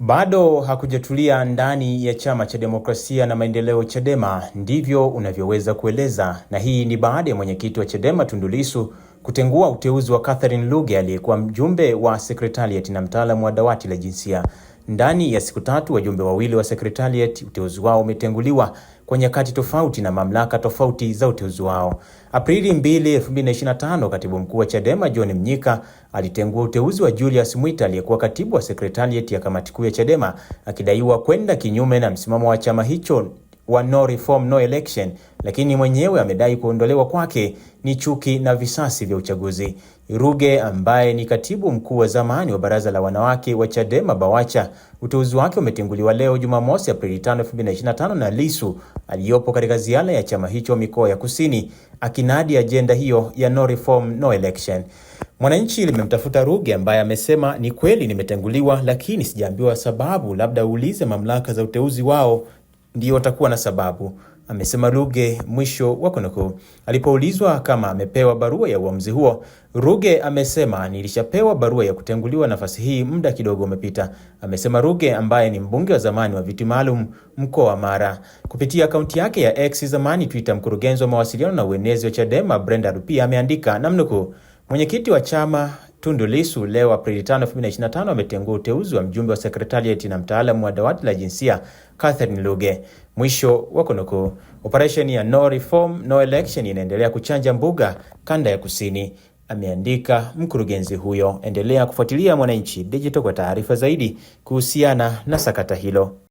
Bado hakujatulia ndani ya chama cha demokrasia na maendeleo Chadema, ndivyo unavyoweza kueleza, na hii ni baada ya mwenyekiti wa Chadema tundulisu kutengua uteuzi wa Catherine Luge aliyekuwa mjumbe wa Secretariat na mtaalamu wa dawati la jinsia. Ndani ya siku tatu wajumbe wawili wa Secretariat uteuzi wao umetenguliwa kwa nyakati tofauti na mamlaka tofauti za uteuzi wao. Aprili 2, 2025, katibu mkuu wa Chadema John Mnyika alitengua uteuzi wa Julius Mwita aliyekuwa katibu wa Secretariat ya kamati kuu ya Chadema akidaiwa kwenda kinyume na msimamo wa chama hicho wa no reform no election, lakini mwenyewe amedai kuondolewa kwake ni chuki na visasi vya uchaguzi. Ruge ambaye ni katibu mkuu wa zamani wa baraza la wanawake wa Chadema Bawacha, uteuzi wake umetenguliwa leo Jumamosi Aprili 5, 2025 na Lisu aliyopo katika ziara ya chama hicho mikoa ya Kusini, akinadi ajenda hiyo ya no reform no election. Mwananchi limemtafuta Ruge ambaye amesema ni kweli nimetenguliwa, lakini sijaambiwa sababu, labda uulize mamlaka za uteuzi wao ndio watakuwa na sababu, amesema Ruge mwisho wa kunukuu. Alipoulizwa kama amepewa barua ya uamuzi huo, Ruge amesema nilishapewa barua ya kutenguliwa nafasi hii muda kidogo umepita, amesema Ruge ambaye ni mbunge wa zamani wa viti maalum mkoa wa Mara. Kupitia akaunti yake ya X zamani Twitter, mkurugenzi wa mawasiliano na uenezi wa Chadema Brenda Rupia ameandika namnukuu, mwenyekiti wa chama Tundu Lissu leo Aprili 5, 2025 ametengua uteuzi wa mjumbe wa sekretarieti na mtaalamu wa dawati la jinsia Catherine Luge. Mwisho wa kunukuu. Operesheni ya No Reform No Election inaendelea kuchanja mbuga kanda ya kusini, ameandika mkurugenzi huyo. Endelea kufuatilia Mwananchi Digital kwa taarifa zaidi kuhusiana na sakata hilo.